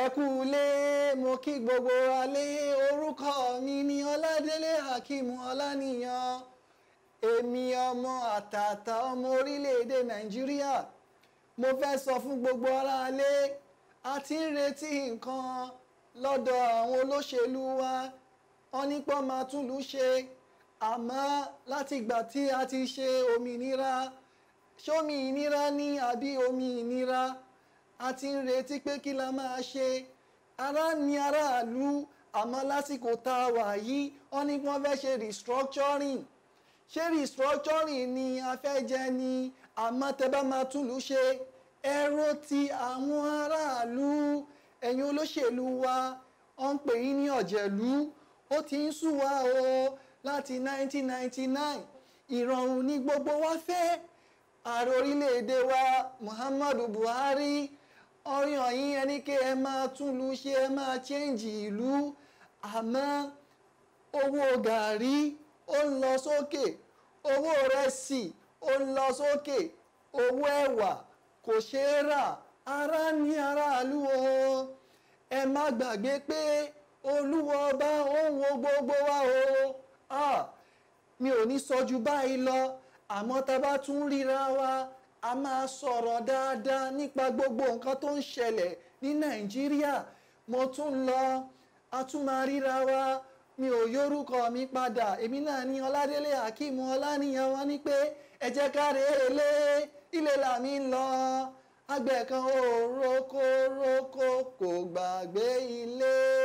ẹ kú lé mo kí gbogbo alẹ́ orúkọ mi ni ọládélé hakimu ọláníyàn èmi ọmọ àtàtà ọmọ orílẹ̀-èdè nàìjíríà mo fẹ́ sọ fún gbogbo ará alẹ́ a ti ń retí nǹkan lọ́dọ̀ àwọn olóṣèlú wa wọ́n ní pọ́n máa tún lù ṣe àmọ́ láti ìgbà tí a ti ṣe òmìnira ṣómìnira ní àbí òmìnira a ti ń retí pé kí la máa ṣe ará ni aráàlú àmọ́ lásìkò tá a wà yìí wọ́n ní wọ́n fẹ́ ṣe restructuring ṣé restructuring ni a fẹ́ jẹ ni àmọ́ tẹ bá máa túlù ṣe ẹ̀rọ ti àwọn aráàlú ẹ̀yin olóṣèlú wa ọ̀ ń pè yín ní ọ̀jẹ̀lú ó ti ń sú wa o láti 1999 ìrọ̀rùn ni gbogbo wa fẹ́ ààrẹ orílẹ̀-èdè wa Muhammadu Buhari ọyàn yín ẹni kí ẹ máa túnlu ṣe ẹ máa chẹ́ǹjì ìlú àmọ́ owó gàrí ó ń lọ sókè owó rẹsì ó ń lọ sókè owó ẹ̀wà kò ṣeé rà ara ní aráàlú o ẹ má gbàgbé pé olúwa ọba ó wo gbogbo wa o ah, mi ò ní sọ ju báyìí lọ àmọ́ tá a bá tún ríra wa a máa sọ̀rọ̀ dáadáa nípa gbogbo nǹkan tó ń ṣẹlẹ̀ ní nàìjíríà mo tún ń lọ a wa mi ò yorúkọ mi padà èmi náà ní ọládélé akeem ọláníyàn wá ní pé ẹ jẹ́ ká rèélé ilé làmí ń lọ àgbẹ̀ kan ò roko kò gbàgbé ilé.